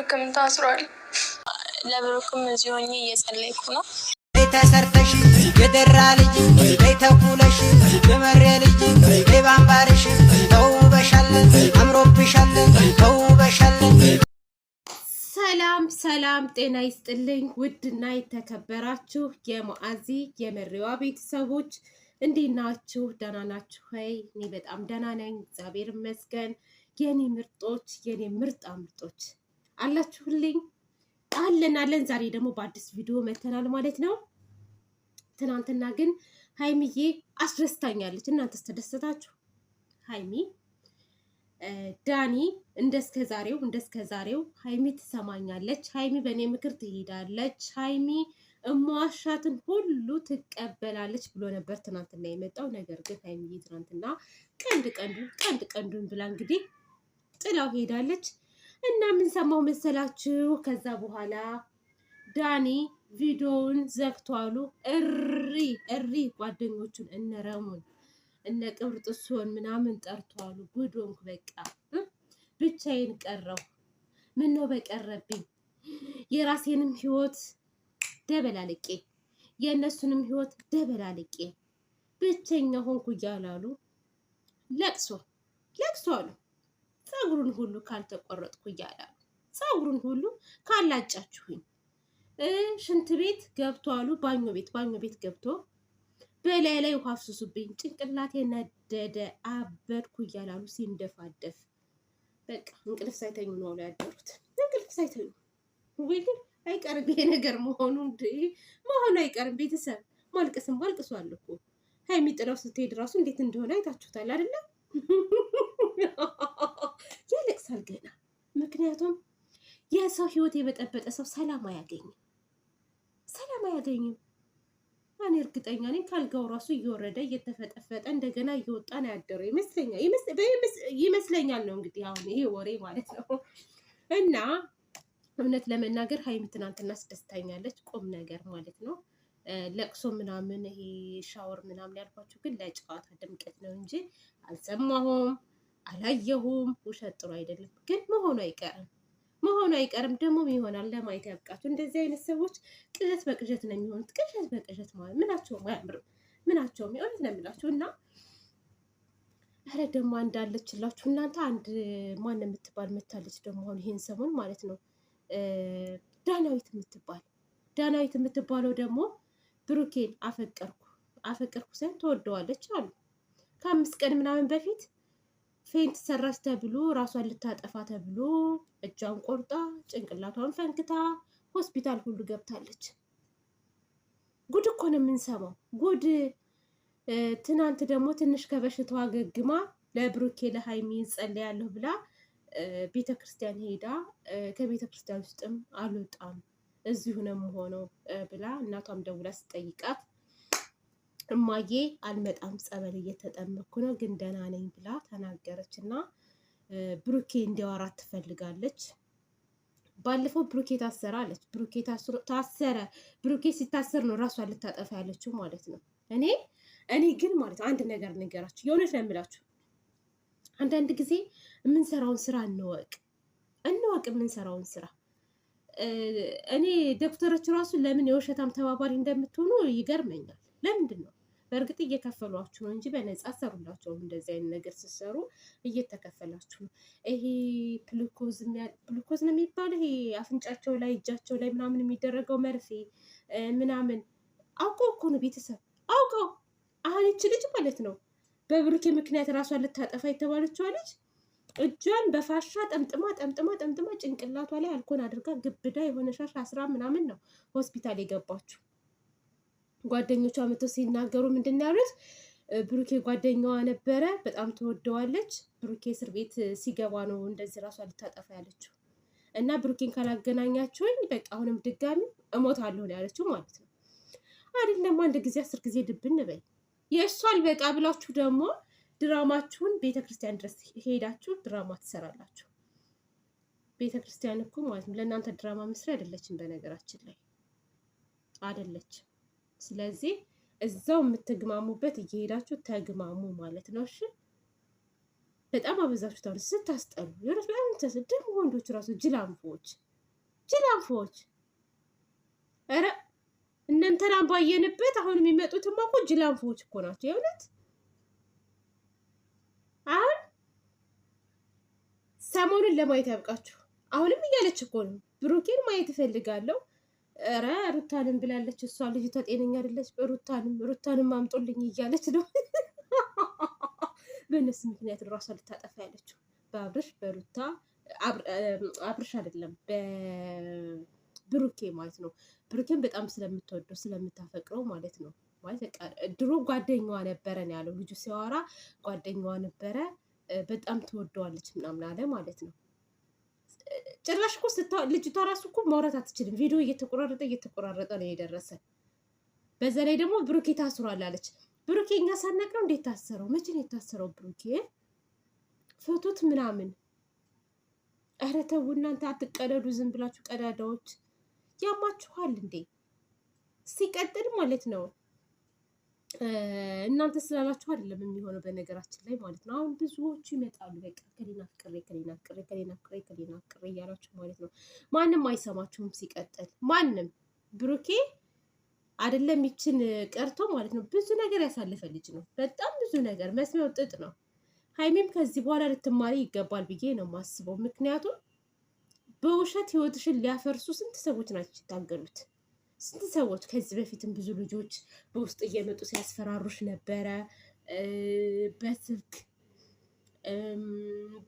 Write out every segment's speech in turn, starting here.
ብሩክም ታስሯል። ለብሩክም እዚህ ሆኜ እየጸለይኩ ነው። ተሰርተሽ የደራ ልጅ ተኩለሽ የመሬ ልጅ ባንባርሽ ተውበሻለን፣ አምሮብሻለን፣ ተውበሻለን። ሰላም ሰላም፣ ጤና ይስጥልኝ ውድና የተከበራችሁ የሙአዚ የመሬዋ ቤተሰቦች እንዴት ናችሁ? ደህና ናችሁ ወይ? እኔ በጣም ደህና ነኝ፣ እግዚአብሔር ይመስገን። የኔ ምርጦች የኔ ምርጣ ምርጦች አላችሁልኝ? አለን አለን። ዛሬ ደግሞ በአዲስ ቪዲዮ መተናል ማለት ነው። ትናንትና ግን ሀይሚዬ አስደስታኛለች። እናንተስ ተደሰታችሁ? ሀይሚ ዳኒ እንደስከ ዛሬው እንደስከ ዛሬው ሀይሚ ትሰማኛለች፣ ሀይሚ በእኔ ምክር ትሄዳለች፣ ሀይሚ እማዋሻትን ሁሉ ትቀበላለች ብሎ ነበር ትናንትና የመጣው። ነገር ግን ሀይሚዬ ትናንትና ቀንድ ቀንዱ ቀንድ ቀንዱን ብላ እንግዲህ ጥላው ሄዳለች። እና የምንሰማው መሰላችሁ? ከዛ በኋላ ዳኒ ቪዲዮውን ዘግቷሉ። እሪ እሪ ጓደኞቹን እነረሙን እነ ቅብርጥሶን ምናምን ጠርቷሉ። ጉዶንክ በቃ ብቻዬን ቀረው። ምን ነው በቀረብኝ የራሴንም ህይወት ደበላልቄ የእነሱንም ህይወት ደበላልቄ ብቸኛ ሆንኩ እያላሉ ለቅሶ ለቅሶ አሉ። ፀጉሩን ሁሉ ካልተቆረጥኩ እያላሉ ፀጉሩን ሁሉ ካላጫችሁኝ ሽንት ቤት ገብቶ አሉ ባኞ ቤት ባኞ ቤት ገብቶ በላይ ላይ ውሃ አፍስሱብኝ ጭንቅላቴ ነደደ አበድኩ እያላሉ ሲንደፋደፍ በቃ እንቅልፍ ሳይተኙ ነው ላይ ያደሩት። እንቅልፍ ሳይተኙ ግን አይቀርም ይሄ ነገር መሆኑ እንደ መሆኑ አይቀርም። ቤተሰብ ማልቀስም ማልቀሱ አለኩ ሀይሚ ጥለው ስትሄድ ራሱ እንዴት እንደሆነ አይታችሁታል አይደለም? ይልቅሳል ገና። ምክንያቱም የሰው ህይወት የበጠበጠ ሰው ሰላም አያገኝም፣ ሰላም አያገኝም። እኔ እርግጠኛ ነኝ ካልጋው ራሱ እየወረደ እየተፈጠፈጠ እንደገና እየወጣን ያደረው ይመስለኛል ይመስለኛል ነው እንግዲህ አሁን ይሄ ወሬ ማለት ነው። እና እውነት ለመናገር ሀይሚ ትናንትና አስደስታኛለች፣ ቁም ነገር ማለት ነው። ለቅሶ ምናምን ይሄ ሻወር ምናምን ያልኳቸው ግን ለጨዋታ ድምቀት ነው እንጂ አልሰማሁም። አላየሁም። ውሸት ጥሩ አይደለም፣ ግን መሆኑ አይቀርም መሆኑ አይቀርም። ደግሞ ይሆናል ለማየት ያብቃችሁ። እንደዚህ አይነት ሰዎች ቅዠት በቅዠት ነው የሚሆኑት። ቅዠት በቅዠት ማለት ምናቸውም አያምርም፣ ምናቸውም የእውነት ነው የምላችሁ እና ኧረ ደግሞ እንዳለችላችሁ እናንተ አንድ ማን የምትባል መታለች ደግሞ አሁን ይህን ሰሞን ማለት ነው ዳናዊት የምትባል ዳናዊት የምትባለው ደግሞ ብሩኬን አፈቀርኩ አፈቀርኩ ሳይሆን ተወደዋለች አሉ ከአምስት ቀን ምናምን በፊት ፌንት ሰራች ተብሎ ራሷን ልታጠፋ ተብሎ እጇን ቆርጣ ጭንቅላቷን ፈንክታ ሆስፒታል ሁሉ ገብታለች። ጉድ እኮ ነው የምንሰማው፣ ጉድ። ትናንት ደግሞ ትንሽ ከበሽታዋ ገግማ ለብሩኬ ለሀይሚ ጸልያለሁ ብላ ቤተ ክርስቲያን ሄዳ ከቤተ ክርስቲያን ውስጥም አልወጣም እዚሁ ነው የምሆነው ብላ እናቷም ደውላ ስጠይቃት እማዬ አልመጣም ጸበል እየተጠመኩ ነው ግን ደህና ነኝ ብላ ተናገረች እና ብሩኬ እንዲያወራት ትፈልጋለች። ባለፈው ብሩኬ ታሰረ አለች። ብሩኬ ታሰረ፣ ብሩኬ ሲታሰር ነው ራሷን ልታጠፋ ያለችው ማለት ነው። እኔ እኔ ግን ማለት አንድ ነገር ነገራችሁ፣ የእውነት ነው የምላችሁ። አንዳንድ ጊዜ የምንሰራውን ስራ እንወቅ እንወቅ፣ የምንሰራውን ስራ እኔ ዶክተሮች ራሱ ለምን የውሸታም ተባባሪ እንደምትሆኑ ይገርመኛል። ለምንድን ነው በእርግጥ እየከፈሏችሁ ነው እንጂ በነጻ ሰሩላቸው። እንደዚህ አይነት ነገር ስትሰሩ እየተከፈላችሁ ነው። ይሄ ግሉኮዝ ነው የሚባለው ይሄ አፍንጫቸው ላይ እጃቸው ላይ ምናምን የሚደረገው መርፌ ምናምን አውቀ እኮ ነው ቤተሰብ አውቀው። አሁን ይች ልጅ ማለት ነው በብሩኬ ምክንያት ራሷን ልታጠፋ የተባለችዋ ልጅ እጇን በፋሻ ጠምጥማ ጠምጥማ ጠምጥማ ጭንቅላቷ ላይ አልኮን አድርጋ ግብዳ የሆነ ሻሽ አስራ ምናምን ነው ሆስፒታል የገባችው። ጓደኞቿ መጥተው ሲናገሩ ምንድን ያሉት ብሩኬ ጓደኛዋ ነበረ፣ በጣም ትወደዋለች። ብሩኬ እስር ቤት ሲገባ ነው እንደዚህ ራሷ ልታጠፋ ያለችው እና ብሩኬን ካላገናኛችሁኝ በቃ አሁንም ድጋሚ እሞታለሁ ነው ያለችው ማለት ነው። አይደለም አንድ ጊዜ አስር ጊዜ ድብን በይ የእሷ አልበቃ ብላችሁ ደግሞ ድራማችሁን ቤተ ክርስቲያን ድረስ ሄዳችሁ ድራማ ትሰራላችሁ። ቤተ ክርስቲያን እኮ ማለት ነው ለእናንተ ድራማ መስሪያ አይደለችም፣ በነገራችን ላይ አይደለችም። ስለዚህ እዛው የምትግማሙበት እየሄዳችሁ ተግማሙ ማለት ነው። እሺ በጣም አበዛችሁ። ታ ስታስጠሉ የሆነት በጣም ወንዶች ራሱ ጅላንፎዎች ጅላንፎዎች። ኧረ እናንተናን ባየንበት አሁን የሚመጡትማ እኮ ጅላንፎዎች እኮ ናቸው የእውነት አሁን ሰሞኑን ለማየት ያብቃችሁ። አሁንም እያለች እኮ ነው ብሩኬን ማየት እፈልጋለሁ ኧረ ሩታንም ብላለች እሷ ልጅቷ ጤነኛ አይደለች። ሩታንም ሩታንም አምጦልኝ እያለች ነው። በእነሱ ምክንያት ራሷ ልታጠፋ ያለችው በአብርሽ በሩታ አብርሽ አይደለም በብሩኬ ማለት ነው። ብሩኬን በጣም ስለምትወደው ስለምታፈቅረው ማለት ነው። ማለት ድሮ ጓደኛዋ ነበረ ያለው ልጁ ሲያወራ ጓደኛዋ ነበረ፣ በጣም ትወደዋለች ምናምን አለ ማለት ነው። ጭራሽ እኮ ልጅቷ ራሱ እኮ ማውራት አትችልም። ቪዲዮ እየተቆራረጠ እየተቆራረጠ ነው የደረሰ በዛ ላይ ደግሞ ብሩኬ ታስሯል አለች። ብሩኬ እኛ ሳናቀው እንዴት ታሰረው? መቼ ነው የታሰረው? ብሩኬ ፎቶት ምናምን። ኧረ ተው እናንተ አትቀደዱ፣ ዝም ብላችሁ ቀዳዳዎች ያማችኋል እንዴ? ሲቀጥል ማለት ነው እናንተ ስላላችሁ አይደለም የሚሆነው በነገራችን ላይ ማለት ነው። አሁን ብዙዎቹ ይመጣሉ። በቃ ከሌና ፍቅሬ ከሌና ፍቅሬ ከሌና ፍቅሬ ከሌና እያላችሁ ማለት ነው። ማንም አይሰማችሁም። ሲቀጥል ማንም ብሩኬ አይደለም ይችን ቀርቶ ማለት ነው ብዙ ነገር ያሳለፈ ልጅ ነው። በጣም ብዙ ነገር መስመው ጥጥ ነው። ሀይሜም ከዚህ በኋላ ልትማሪ ይገባል ብዬ ነው ማስበው ምክንያቱም በውሸት ህይወትሽን ሊያፈርሱ ስንት ሰዎች ናቸው የታገሉት? ስንት ሰዎች ከዚህ በፊትም ብዙ ልጆች በውስጥ እየመጡ ሲያስፈራሩሽ ነበረ። በስልክ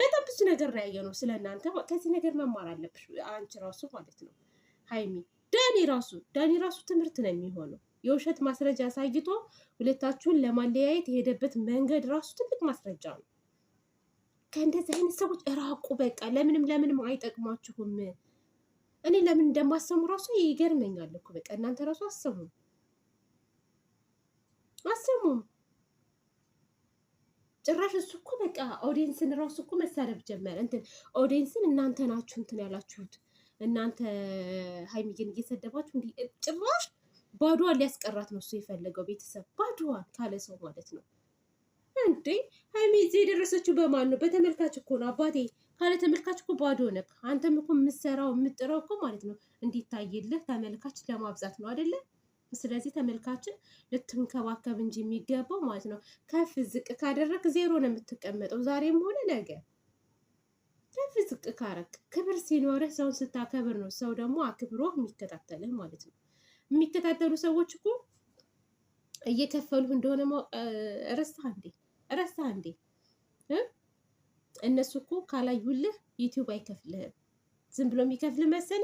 በጣም ብዙ ነገር ነው ያየነው ስለ እናንተ። ከዚህ ነገር መማር አለብሽ አንቺ ራሱ ማለት ነው ሀይሚ። ዳኒ ራሱ ዳኒ ራሱ ትምህርት ነው የሚሆነው። የውሸት ማስረጃ አሳይቶ ሁለታችሁን ለማለያየት የሄደበት መንገድ ራሱ ትልቅ ማስረጃ ነው። ከእንደዚህ አይነት ሰዎች እራቁ። በቃ ለምንም ለምንም አይጠቅማችሁም። እኔ ለምን እንደማሰሙ ራሱ ይገርመኛል እኮ በቃ እናንተ ራሱ አሰሙም አሰሙም። ጭራሽ እሱ እኮ በቃ ኦዲየንስን ራሱ እኮ መሳደብ ጀመረ። እንትን ኦዲየንስን እናንተ ናችሁ እንትን ያላችሁት እናንተ ሀይሚዬን እየሰደባችሁ እንዲህ ጭራሽ ባዶዋን ሊያስቀራት ነው እሱ የፈለገው ቤተሰብ ባዶዋን ካለ ሰው ማለት ነው እንዴ ሀይሚ እዚህ የደረሰችው በማን ነው? በተመልካች እኮ ነው አባቴ ካለ ተመልካች እኮ ባዶ ነክ። አንተም እኮ የምትሰራው የምጥረው እኮ ማለት ነው እንዲታይልህ ተመልካች ለማብዛት ነው አይደለ? ስለዚህ ተመልካችን ልትንከባከብ እንጂ የሚገባው ማለት ነው። ከፍ ዝቅ ካደረግ ዜሮ ነው የምትቀመጠው፣ ዛሬም ሆነ ነገ። ከፍ ዝቅ ካረግ ክብር ሲኖርህ ሰውን ስታከብር ነው ሰው ደግሞ አክብሮ የሚከታተልህ ማለት ነው። የሚከታተሉ ሰዎች እኮ እየከፈሉህ እንደሆነ ረሳ እንዴ? ረሳ እንዴ? እነሱ እኮ ካላዩልህ ዩቲዩብ አይከፍልህም። ዝም ብሎ የሚከፍል መሰለ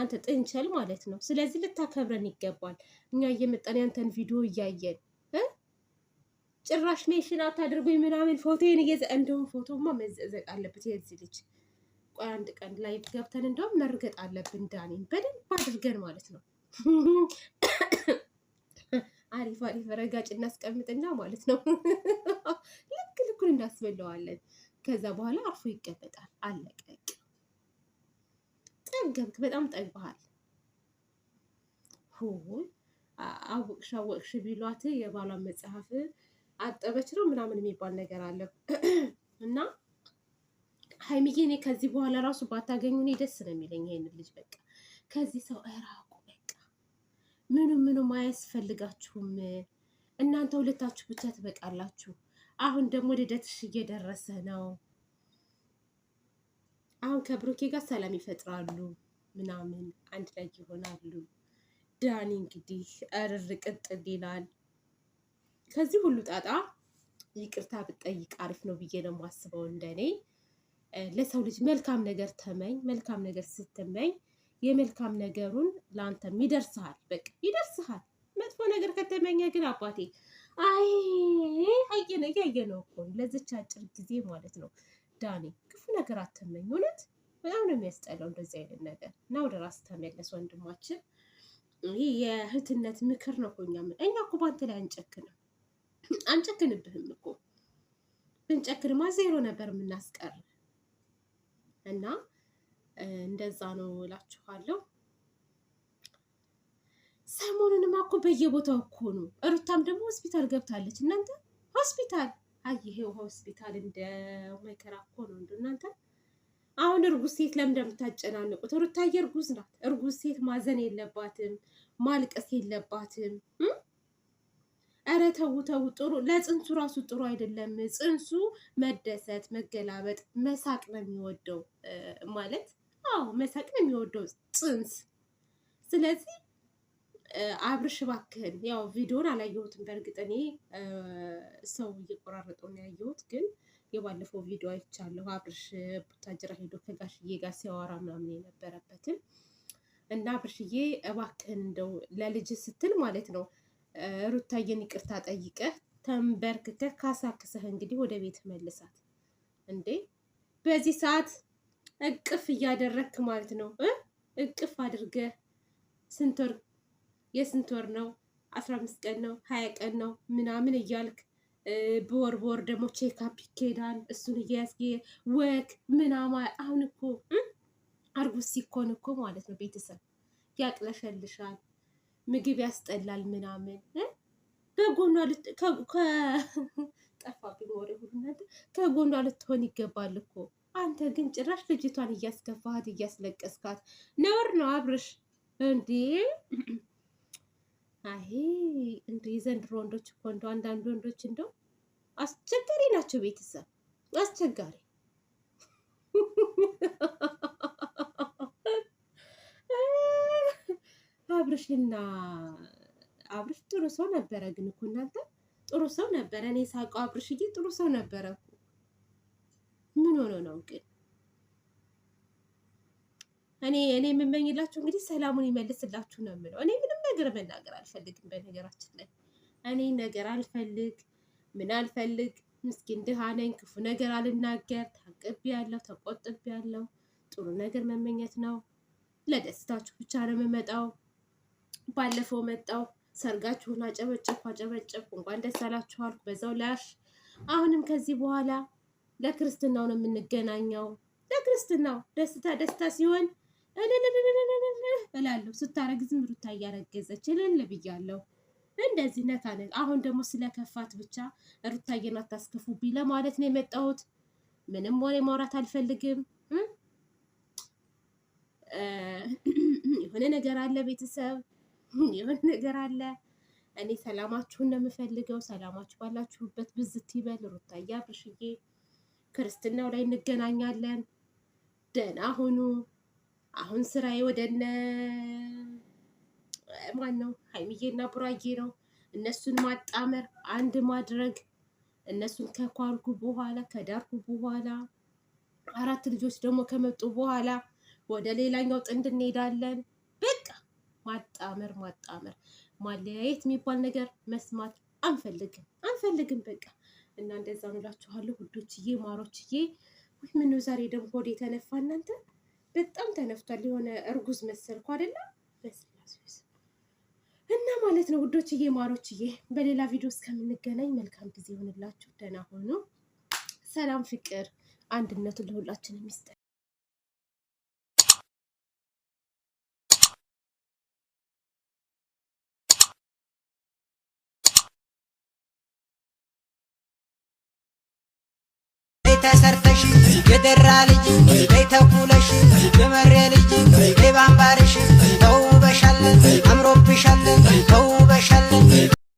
አንተ ጥንቸል ማለት ነው። ስለዚህ ልታከብረን ይገባል። እኛ እየመጣን ያንተን ቪዲዮ እያየን ጭራሽ ሜሽን አታድርጉኝ ምናምን ፎቶን እየዘ እንደውም ፎቶማ መዘዘቅ አለበት የዚህ ልጅ። ቆይ አንድ ቀን ላይ ገብተን እንደውም መርገጥ አለብን ዳኒን በደንብ አድርገን ማለት ነው። አሪፍ አሪፍ ረጋጭ እናስቀምጥና ማለት ነው ልክ ልኩን እንዳስበለዋለን። ከዛ በኋላ አርፎ ይገበጣል አለቀቅ ጠገብክ፣ በጣም ጠግበሃል። ሆይ አወቅሽ አወቅሽ ቢሏት የባሏን መጽሐፍ አጠበች ነው ምናምን የሚባል ነገር አለ እና ሀይሚዬ እኔ ከዚህ በኋላ ራሱ ባታገኙ እኔ ደስ ነው የሚለኝ። ይሄን ልጅ በቃ ከዚህ ሰው እራቁ። በቃ ምኑ ምኑም አያስፈልጋችሁም። እናንተ ሁለታችሁ ብቻ ትበቃላችሁ። አሁን ደግሞ ልደትሽ እየደረሰ ነው። አሁን ከብሩኬ ጋር ሰላም ይፈጥራሉ ምናምን አንድ ላይ ይሆናሉ። ዳኒ እንግዲህ እርር ቅጥል ይላል። ከዚህ ሁሉ ጣጣ ይቅርታ ብጠይቅ አሪፍ ነው ብዬ ነው የማስበው። እንደኔ ለሰው ልጅ መልካም ነገር ተመኝ። መልካም ነገር ስትመኝ የመልካም ነገሩን ለአንተም ይደርስሃል፣ በቃ ይደርስሃል። መጥፎ ነገር ከተመኘ ግን አባቴ አይ አየነ ያየነው እኮ ለዚች አጭር ጊዜ ማለት ነው። ዳኒ ክፉ ነገር አትመኝ። እውነት በጣም ነው የሚያስጠላው እንደዚህ አይነት ነገር እና ወደ ራስ ተመለስ ወንድማችን። ይህ የእህትነት ምክር ነው እኮ እኛ እኛ እኮ በአንተ ላይ አንጨክንም አንጨክንብህም እኮ ብንጨክንማ ዜሮ ነበር የምናስቀር እና እንደዛ ነው እላችኋለሁ። ሰሞኑንማ እኮ በየቦታው እኮ ነው። ሩታም ደግሞ ሆስፒታል ገብታለች። እናንተ ሆስፒታል አይ ሆስፒታል እንደ መከራ እኮ ነው እንደ እናንተ አሁን እርጉዝ ሴት ለምን እንደምታጨናንቁት? ሩታዬ እርጉዝ ናት። እርጉዝ ሴት ማዘን የለባትም ማልቀስ የለባትም። ኧረ ተው ተው፣ ጥሩ ለጽንሱ ራሱ ጥሩ አይደለም። ፅንሱ መደሰት፣ መገላበጥ፣ መሳቅ ነው የሚወደው ማለት አዎ፣ መሳቅ ነው የሚወደው ጽንስ። ስለዚህ አብርሽ እባክህን ያው ቪዲዮን አላየሁትም። በእርግጥ እኔ ሰው እየቆራረጠው ነው ያየሁት፣ ግን የባለፈው ቪዲዮ አይቻለሁ። አብርሽ ቡታጅራ ሄዶ ከጋሽዬ ጋር ሲያወራ ምናምን የነበረበትን እና አብርሽዬ እባክህን እንደው ለልጅ ስትል ማለት ነው ሩታዬን ይቅርታ ጠይቀህ ተንበርክከህ ካሳክሰህ እንግዲህ ወደ ቤት መልሳት። እንዴ በዚህ ሰዓት እቅፍ እያደረግክ ማለት ነው እቅፍ አድርገህ ስንት ወር የስንት ወር ነው? አስራ አምስት ቀን ነው? ሀያ ቀን ነው? ምናምን እያልክ በወር በወር ደግሞ ቼካፕ ይኬዳል። እሱን እያያዝጌ ወክ ምናማ አሁን እኮ አርጉዝ ሲኮን እኮ ማለት ነው ቤተሰብ ያቅለሸልሻል፣ ምግብ ያስጠላል ምናምን ከጎኗ ጠፋብኝ ወሬ ሁሉ ከጎኗ ልትሆን ይገባል እኮ አንተ ግን ጭራሽ ልጅቷን እያስከፋሃት እያስለቀስካት ነውር ነው አብርሽ እንዴ አይ እንደው የዘንድሮ ወንዶች እኮ እንደው አንዳንድ ወንዶች እንደው አስቸጋሪ ናቸው። ቤተሰብ አስቸጋሪ አብርሽና አብርሽ ጥሩ ሰው ነበረ፣ ግን እኮ እናንተ ጥሩ ሰው ነበረ። እኔ ሳውቀው አብርሽዬ ጥሩ ሰው ነበረ። ምን ሆኖ ነው ግን? እኔ እኔ የምመኝላችሁ እንግዲህ ሰላሙን ይመልስላችሁ ነው የምለው እኔ ነገር መናገር አልፈልግም። በነገራችን ላይ እኔ ነገር አልፈልግ ምን አልፈልግ ምስኪን ድሃ ነኝ። ክፉ ነገር አልናገር። ታቅብ ያለው ተቆጥብ ያለው ጥሩ ነገር መመኘት ነው። ለደስታችሁ ብቻ ነው የምመጣው። ባለፈው መጣው ሰርጋችሁን አጨበጨብኩ አጨበጨብኩ እንኳን ደስ አላችሁ አልኩ። በዛው ላሽ አሁንም ከዚህ በኋላ ለክርስትናው ነው የምንገናኘው። ለክርስትናው ደስታ ደስታ ሲሆን እላለሁ። ስታረግዝ ምሩታ እያረገዘች እልል ብያለሁ። እንደዚህ ነካ አሁን ደግሞ ስለከፋት ብቻ ሩታዬን አታስከፉብኝ ለማለት ነው የመጣሁት። ምንም ወሬ ማውራት አልፈልግም። የሆነ ነገር አለ፣ ቤተሰብ የሆነ ነገር አለ። እኔ ሰላማችሁን ነው የምፈልገው። ሰላማችሁ ባላችሁበት ብዝት ይበል። ሩታዬ፣ አብርሽዬ ክርስትናው ላይ እንገናኛለን። ደህና ሁኑ። አሁን ስራዬ ወደነ ማን ነው ሀይሚዬና ቡራጌ ነው። እነሱን ማጣመር አንድ ማድረግ እነሱን ከኳልኩ በኋላ ከዳርኩ በኋላ አራት ልጆች ደግሞ ከመጡ በኋላ ወደ ሌላኛው ጥንድ እንሄዳለን። በቃ ማጣመር ማጣመር ማለያየት የሚባል ነገር መስማት አንፈልግም አንፈልግም። በቃ እና እንደዛ ምላችኋለሁ ውዶችዬ፣ ማሮችዬ። ምነው ዛሬ ደግሞ ሆዴ ተነፋ እናንተ በጣም ተነፍቷል። የሆነ እርጉዝ መሰልኩ አይደለም እና ማለት ነው ውዶችዬ፣ ማሮችዬ በሌላ ቪዲዮ እስከምንገናኝ መልካም ጊዜ ይሆንላችሁ። ደህና ሆኑ። ሰላም፣ ፍቅር፣ አንድነቱ ለሁላችንም ይስጠን። ተሰርተሽ የደራ ልጅ